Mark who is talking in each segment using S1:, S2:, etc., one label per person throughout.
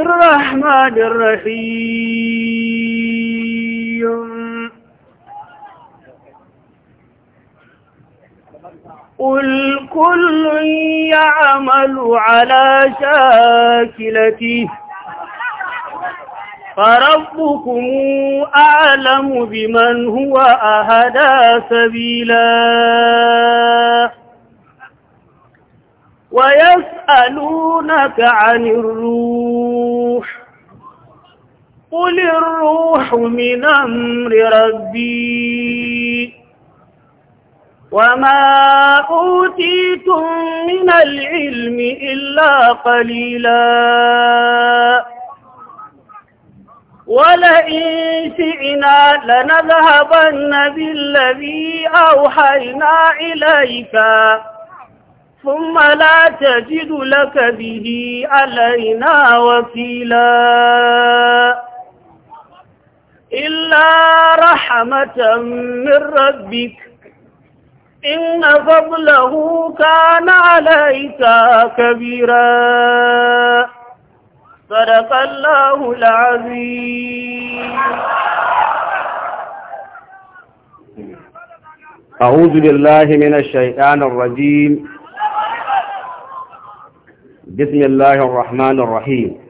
S1: الرحمن الرحيم قل كل يعمل على شاكلته فربكم أعلم بمن هو أهدى سبيلا ويسألونك عن الروح قل الروح من أمر ربي وما أوتيتم من العلم إلا قليلا ولئن شئنا لنذهبن بالذي أوحينا إليك ثم لا تجد لك به علينا وكيلا إلا رحمة من ربك إن فضله كان عليك كبيرا صدق الله العظيم
S2: أعوذ بالله من الشيطان الرجيم بسم الله الرحمن الرحيم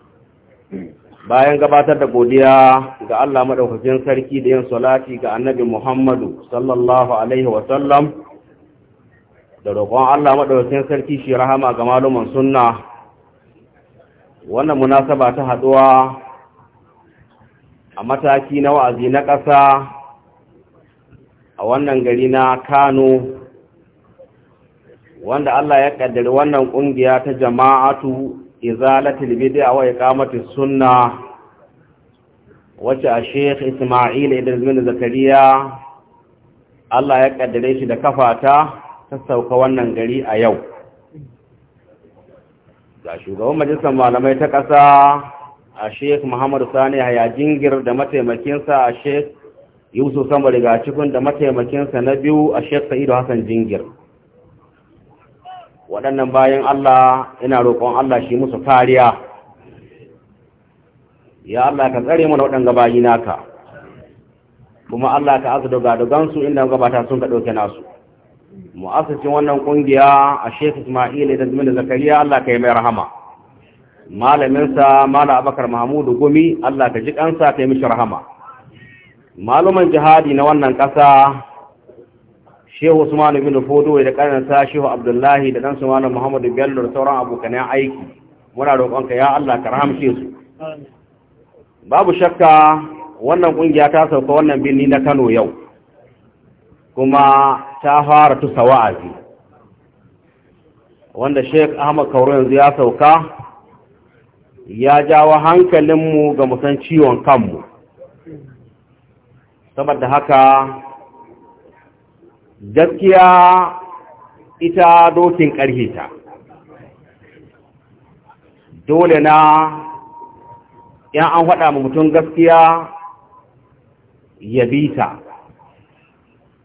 S2: bayan gabatar da godiya ga Allah madaukakin sarki da yin salati ga annabi Muhammadu sallallahu alaihi wa sallam da roƙon Allah madaukakin sarki shi rahama ga maluman sunna wannan munasaba ta haduwa a mataki na wa'azi na ƙasa a wannan gari na Kano wanda Allah ya kaddari wannan kungiya ta jama'atu izalatul bid'a wa iqamatis sunna wace a Sheikh Isma'il Idris bin Zakariya Allah ya kaddare shi da kafata ta sauka wannan gari a yau ga shugaban majalisar malamai ta ƙasa a Sheikh Muhammad Sani jingir da mataimakinsa a Sheikh Yusuf Samari ga cikin da mataimakinsa na biyu a Sheikh Sa'idu Hassan Jingir waɗannan bayan Allah ina roƙon Allah shi musu kariya ya Allah ka tsare mana waɗanda bayi naka kuma Allah ka azu daga dugansu inda gabata sun ka ɗauke nasu mu'assashin wannan ƙungiya, a Sheikh Ismail da Zumin da Zakariya Allah ka yi mai rahama malaminsa Malam Abakar Mahmudu Gumi Allah ka ji kansa ka yi mishi rahama maluman jihadi na wannan ƙasa shehu usman ibn fodo da karanta shehu abdullahi da dan sumana muhammadu bello da sauran abokan aiki muna roƙonka ya Allah ka rahamshe su babu shakka wannan kungiya ta sauka wannan birni na Kano yau kuma ta fara tusa wa'azi wanda Sheik Ahmad Kauro yanzu ya sauka ya jawo hankalinmu ga musan ciwon kanmu saboda haka gaskiya ita dokin ƙarfe ta dole na yan an faɗa ma mutum gaskiya ya bita.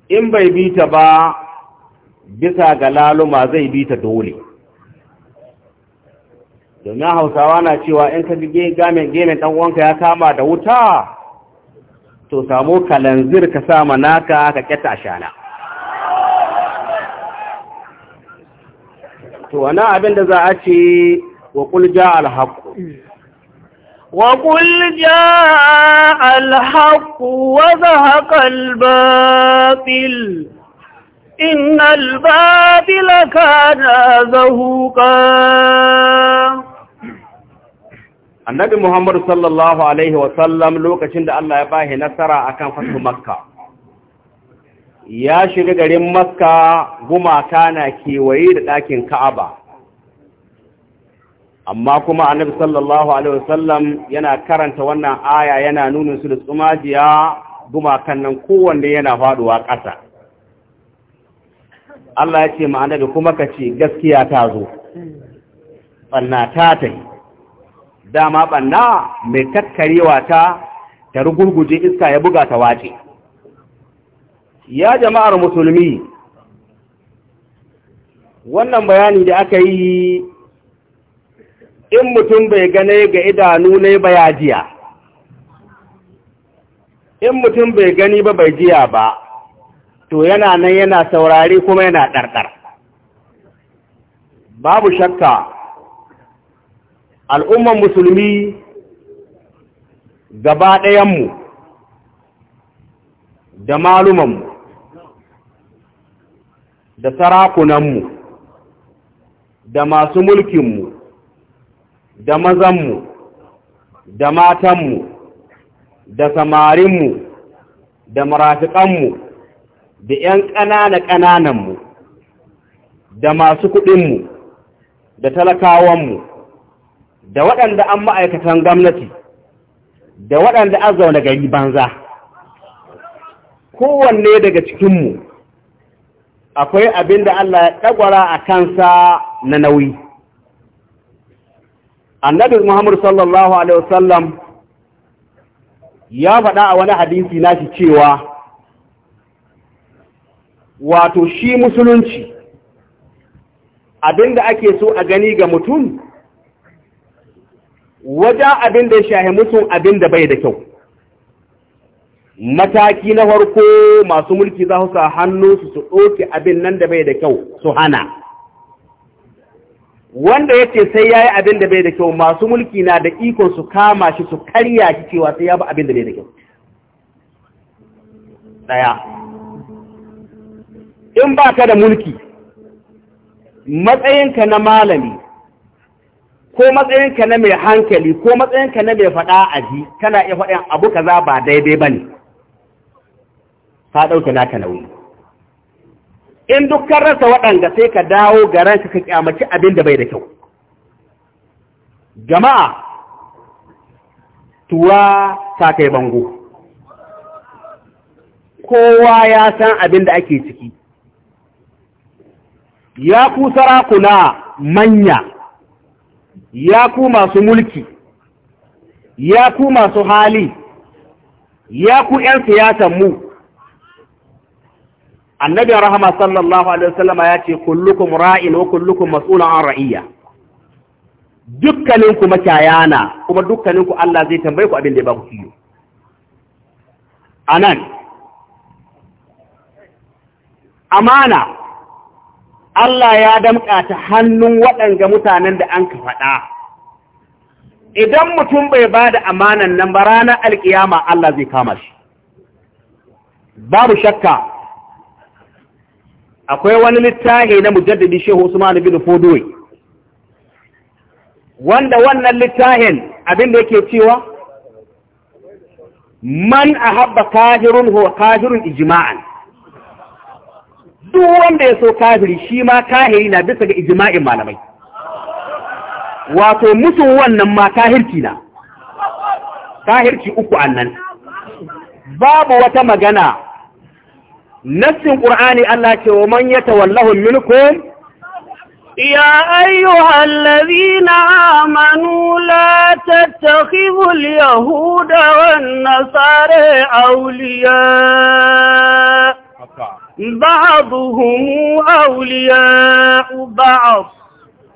S2: in bai bita ba bisa ga laluma zai bita dole domin hausawa na cewa in ka ji gamen gemen ɗan uwanka ya kama da wuta to samu kalanzir ka sama naka ka kyata shana to wani abin da za a ce wa kulja alhaku
S1: wa kulja alhaku wa zahaka albatil إن الباطل كان
S2: زهوقا Annabi Muhammadu sallallahu Alaihi wasallam lokacin da Allah ya bahi nasara akan fatu Makka, ya shiga garin maska gumaka na kewaye da ɗakin ka'aba amma kuma annabi sallallahu alaihi wasallam yana karanta wannan aya yana nunin su da tsumajiya gumakan nan kowanne yana faduwa ƙasa Allah ya ce ma da kuma kace gaskiya ta zo banna ta ta yi dama banna mai takkarewa ta ta rugurguje iska ya buga ta wace ya jama'ar musulmi wannan bayani da aka yi in mutum bai gane ga idanu ne ba jiya in mutum bai gani ba bai jiya ba to yana nan yana saurari kuma yana ɗarɗar babu shakka al'umman musulmi gaba ɗayanmu da malumanmu da sarakunanmu da masu mulkinmu da mazanmu da matanmu da samarinmu da marafiƙanmu da 'yan ƙanana-ƙanananmu da masu kuɗinmu da talakawanmu da waɗanda an ma'aikatan gwamnati da waɗanda an zaune gari banza kowanne daga cikinmu akwai abin da Allah ya ɗagwara a kansa na nauyi. Annabi Muhammadu sallallahu Alaihi wasallam ya faɗa a wani hadisi nashi cewa, wato shi musulunci abin da ake so a gani ga mutum, wajen abin da ya shahi mutum abin da bai da kyau. mataki na farko masu mulki za su sa hannu su ɗoke abin nan da bai da kyau su hana wanda ya ce sai ya yi abin da bai da kyau masu mulki na da ikon su kama shi su karya shi cewa sai ya ba abin da bai da kyau ɗaya in ba ka da mulki matsayinka na malami ko matsayinka na mai hankali ko matsayinka na mai faɗa aji kana iya faɗin abu kaza ba daidai ba ne ka ɗauke naka nauyi in dukkan rasa waɗanda sai ka dawo ga ranka ka kyamaci abin da bai da kyau jama'a tuwa ta kai bango kowa ya san abin da ake ciki ya ku sarakuna manya ya ku masu mulki ya ku masu hali ya ku 'yan siyasan mu annabin rahama sallallahu alaihi wasallama ya ce kullukum ra'in wa kullukum mas'ulun an ra'iyya dukkaninku makiyayana kuma dukkaninku Allah zai tambaye ku abin da ya ba ku kiyo anan amana Allah ya damƙa ta hannun waɗanga mutanen da an ka faɗa idan mutum bai ba da amanan nan ba ranar alƙiyama Allah zai kama shi babu shakka akwai wani littafi na mujaddadi shehu usman bin fodoi wanda wannan littafin abin da yake cewa man ahabba kafirun huwa kafirun ijma'an duk wanda ya so kafiri shi ma kahiri na bisa ga ijma'in malamai wato musu wannan ma kahirci na kahirci uku annan babu wata magana نفسٍ القرآن Allah ومن wa منكم
S1: يا أيها الذين آمنوا لا تتخذوا اليهود والنصارى أولياء بعضهم أولياء بعض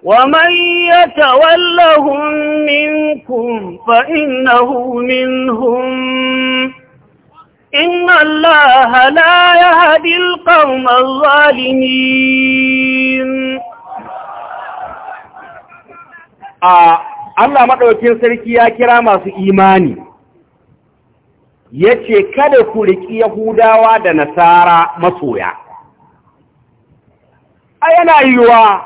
S1: ومن يتولهم منكم فإنه منهم إن الله لا يهدي القوم الظالمين
S2: Allah maɗaukin sarki ya kira masu imani ya ce kada ku riƙi Yahudawa da Nasara masoya. A yana yiwuwa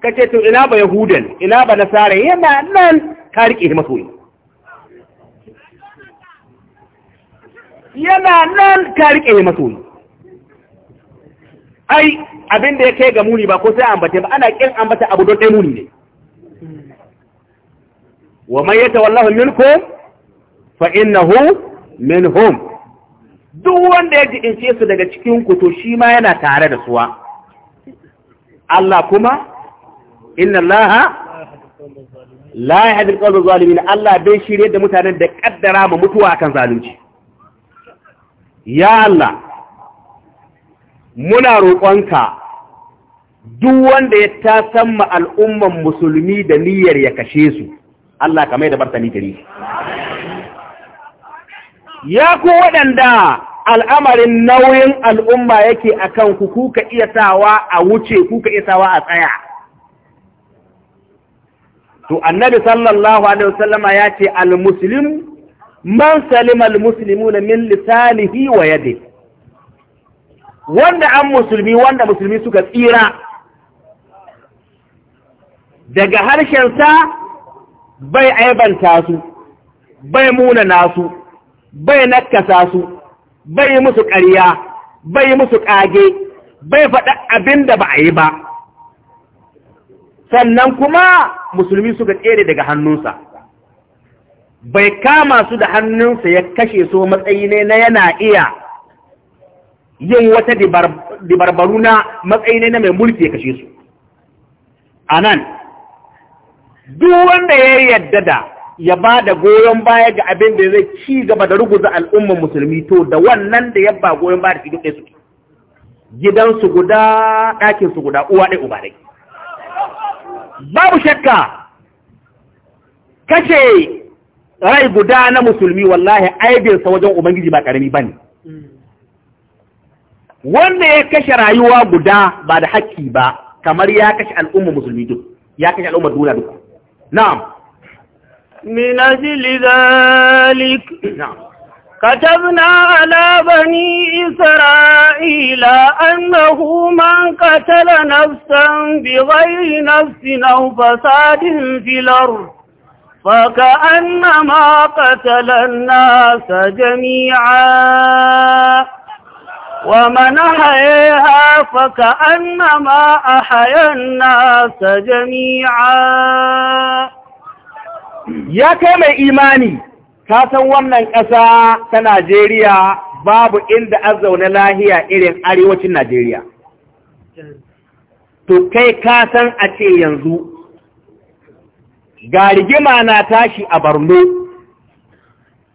S2: ka ce to ina ba Yahudan, ina ba Nasara yana nan ka riƙe masoya. yana nan ka riƙe masoyi ai abin da ya kai ga muni ba ko sai ambata ba ana kin ambata abu don ɗai muni ne wa man yatawallahu minkum fa innahu minhum duk wanda ya jibince su daga cikin ku to shi ma yana tare da suwa Allah kuma inna Allah la yahdi al-qawm Allah bai shirye da mutanen da ƙaddara ma mutuwa kan zalunci ya Allah muna roƙonka duk wanda ya tasamma al'umman musulmi da niyyar ya kashe su Allah kamar da bartani gari ya ku waɗanda al'amarin nauyin al'umma yake akan ku kuka iya sawa a wuce kuka iya sawa a tsaya to annabi sallallahu alaihi wasallama ya ce al-muslim man salimal muslimuna min lisanihi wa yadihi wanda an musulmi wanda musulmi suka tsira daga harshen sa, bai aibanta su bai muna nasu bai nakasa su bai musu ƙarya bai musu ƙage bai faɗa abinda ba a yi ba sannan kuma musulmi suka tsere daga hannunsa bai kama su da hannunsa ya kashe su matsayi ne na yana iya yin wata dibarbaru na matsayi ne na mai mulki ya kashe su a nan duk wanda ya yadda da ya ba da goyon baya ga abin da zai ci gaba da ruguza al'umman musulmi to da wannan da ya ba goyon baya da shi duk suke gidansu guda ɗakinsu guda uwa ɗai uba ɗai babu shakka kashe rai guda na musulmi wallahi aibinsa wajen ubangiji ba ƙarami ba ne wanda ya kashe rayuwa guda ba da haƙƙi ba kamar ya kashe al'umma musulmi duk ya kashe al'umma duniya duka na'am min ajli
S1: zalik na'am كتبنا على بني إسرائيل أنه من قتل نفسا بغير نفس أو فساد في الأرض فكأنما قتل الناس جميعا ومن أحياها فكأنما أحيا الناس
S2: جميعا يا كما إيماني كاتن wannan ƙasa ta Najeriya babu inda azauna lahiya irin arewacin Najeriya to kai ka san a ce yanzu ga rigima na tashi a Borno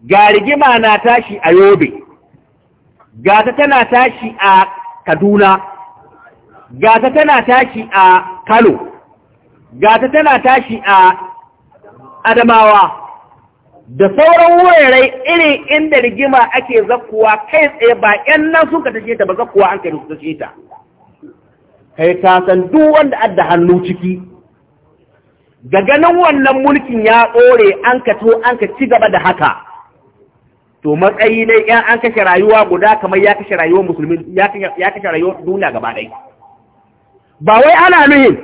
S2: ga rigima na tashi a Yobe gata tana tashi a Kaduna gata tana tashi a Kano gata tana tashi a Adamawa da sauran wurare irin inda rigima ake zakkuwa kai tsaye ba yan nan sun ka ta ba zakkuwa an kai su tace ta kai ta san duk wanda adda hannu ciki ga ganin wannan mulkin ya tsore an ka to an ka ci gaba da haka to matsayi ne yan an kashe rayuwa guda kamar ya kashe rayuwar musulmi ya kashe rayuwar duniya gaba ɗaya ba wai ana nuhin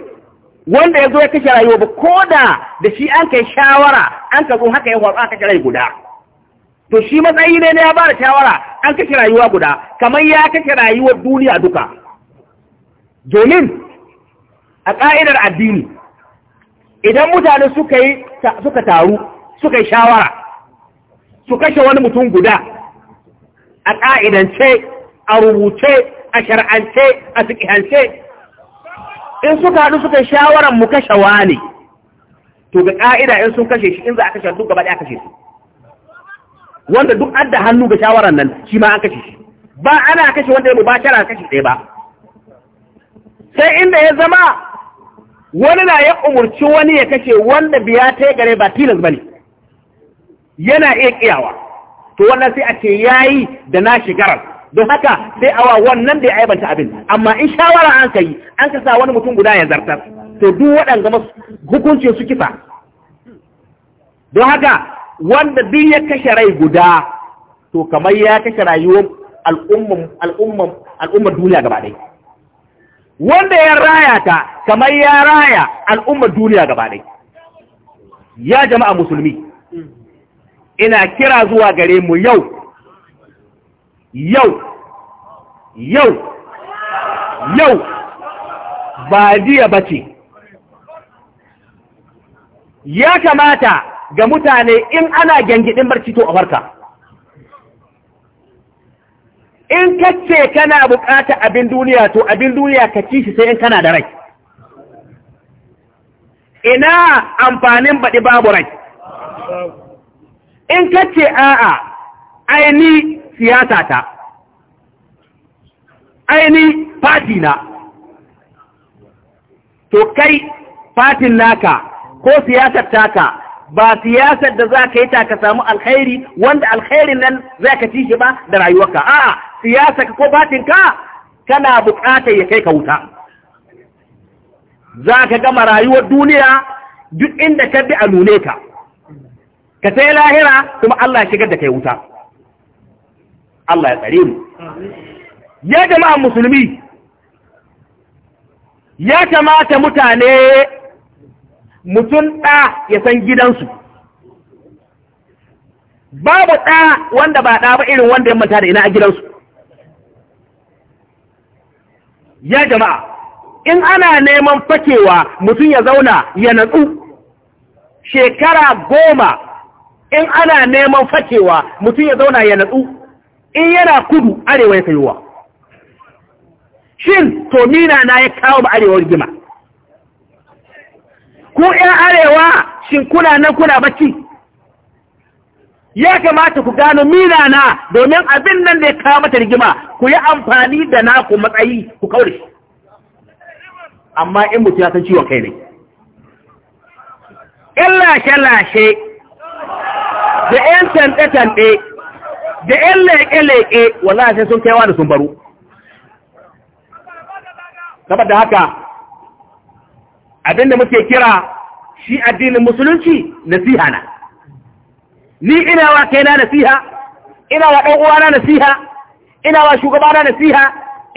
S2: wanda ya zo ya kashe rayuwa ba ko da da shi an kai shawara an ka zo haka ya faru an kashe rai guda to shi matsayi ne ya ba da shawara an kashe rayuwa guda kamar ya kashe rayuwar duniya duka domin a ƙa'idar addini idan mutane suka yi suka taru suka yi shawara su kashe wani mutum guda a ƙa'idance a rubuce a shar'ance a fiƙihance in suka haɗu suka yi shawaran mu kashe wani to ga ƙa'ida in sun kashe shi in za a kashe duk gaba ɗaya kashe su wanda duk adda hannu ga shawaran nan shi ma an kashe shi ba ana kashe wanda ya mubashara kashe ɗaya ba sai inda ya zama wani na ya umarci wani ya kashe wanda biya ta yi gare ba tilas ba ne. yana iya kiyawa to wannan sai a ce yayi da na shigarar don haka sai awa wannan da ya aibanta abin amma in shawara an ka yi, an ka sa wani mutum guda ya zartar to duk waɗanda masu hukuncin su kisa don haka wanda duk ya kashe rai guda to kamar ya kashe rayuwar al'ummar duniya gaba ɗaya wanda ya raya ta kamar ya raya al'ummar duniya gaba ɗai ya jama'a musulmi ina kira zuwa gare mu yau yau yau yau ba jiya ba ce ya kamata ga mutane in ana gyangyaɗin barci to a farka in kace kana bukata abin duniya to abin duniya ka ci shi sai in kana da rai ina amfanin baɗi babu rai in kace ce a'a aini siyasa ta aini fati na to kai fatin naka ko siyasar taka ba siyasar da za ka yi ta ka samu alkhairi wanda alkhairin nan za ka ci shi ba da rayuwarka a'a siyasa ko batinka kana buƙatar ya kai ka wuta za ka gama rayuwar duniya duk inda ka bi a nune ka ka sai lahira kuma Allah ya shigar da kai wuta Allah ya tsare mu ya jama'a musulmi ya kamata mutane mutum ɗa ya san gidansu babu ɗa wanda ba ɗa ba irin wanda ya manta da ina a gidansu ya jama'a in ana neman fakewa mutum ya zauna ya natsu shekara goma in ana neman fakewa mutum ya zauna ya natsu in yana kudu arewa ya kaiwa shin to mina na ya kawo ba arewa gima? ko 'yan arewa shin kuna nan kuna bacci ya kamata ku gano mina na domin abin nan da ya kawo mata rigima ku yi amfani da naku matsayi ku shi amma in mutu ya san ciwon kai ne in lashe-lashe da yan tanɗe-tanɗe da yan leke-leke, wanda sai sun kaiwa da sun baro saboda haka abin da muke kira shi addinin musulunci nasiha na ni ina wa kaina nasiha ina wa ɗan uwana nasiha ina wa shugabana nasiha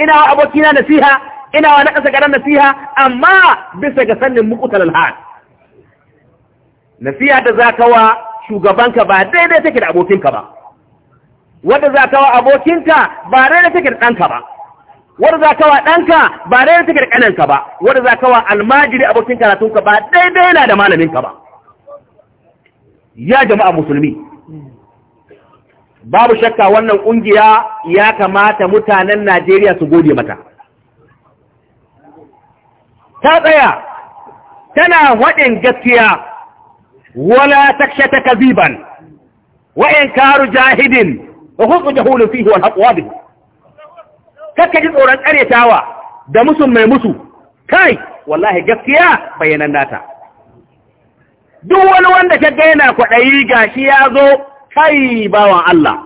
S2: ina wa abokina nasiha ina wa naƙasa garan nasiha amma bisa ga sannin mukutal alhal nasiha da za ka wa shugabanka ba daidai take da abokinka ba wanda za ka wa abokinka ba daidai take da ɗanka ba wanda za ka wa ɗanka ba daidai take da ƙananka ba wanda za ka wa almajiri abokin karatunka ba daidai na da malaminka ba ya jama'a musulmi babu shakka wannan ƙungiya ya kamata mutanen Najeriya su gode mata ta tsaya tana waɗin gaskiya wala takshata kaziban wa karu jahidin wa hudu jahulun fihi wal haqwa bi kakka ji tsoron ƙaryatawa da musu mai musu kai wallahi gaskiya bayanan nata duk wani wanda ka gaina kwaɗayi ga shi ya zo kai bawan Allah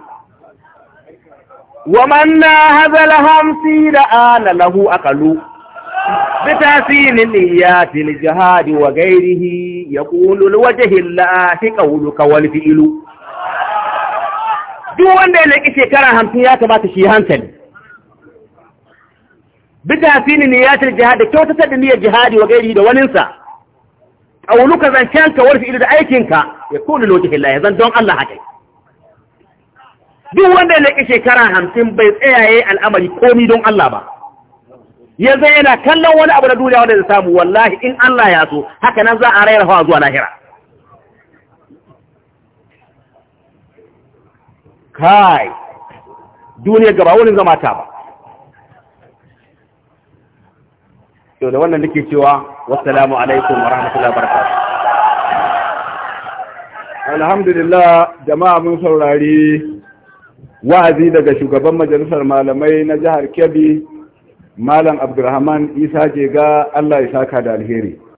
S2: wa manna hazala hamsi da ana lahu akalu bi tasirin niyatil jihadi wa gairihi ya yaqulu alwajhi allahi qawluka wal fi'lu duk wanda ya laƙi shekara hamsin ya kamata shi hankali bi tasirin niyatil jihadi kyautata da niyyar jihadi wa gairihi da waninsa qawluka zancenka wa fi'luka da aikinka ya da lillahi Allah zan don Allah haka duk wanda ya leke shekara hamsin bai tsayaye al'amari komi don Allah ba Ya zai yana kallon wani abu na duniya wanda zai samu wallahi in Allah ya so haka nan za a rayar hawa zuwa lahira kai duniya gaba wani zama ta ba to da wannan nake cewa wassalamu alaikum wa rahmatullahi wa barakatuh alhamdulillah jama'a mun saurari wa'azi daga shugaban majalisar malamai na jihar Kebbi Malam Abdulrahman Isa Jega Allah ya saka da alheri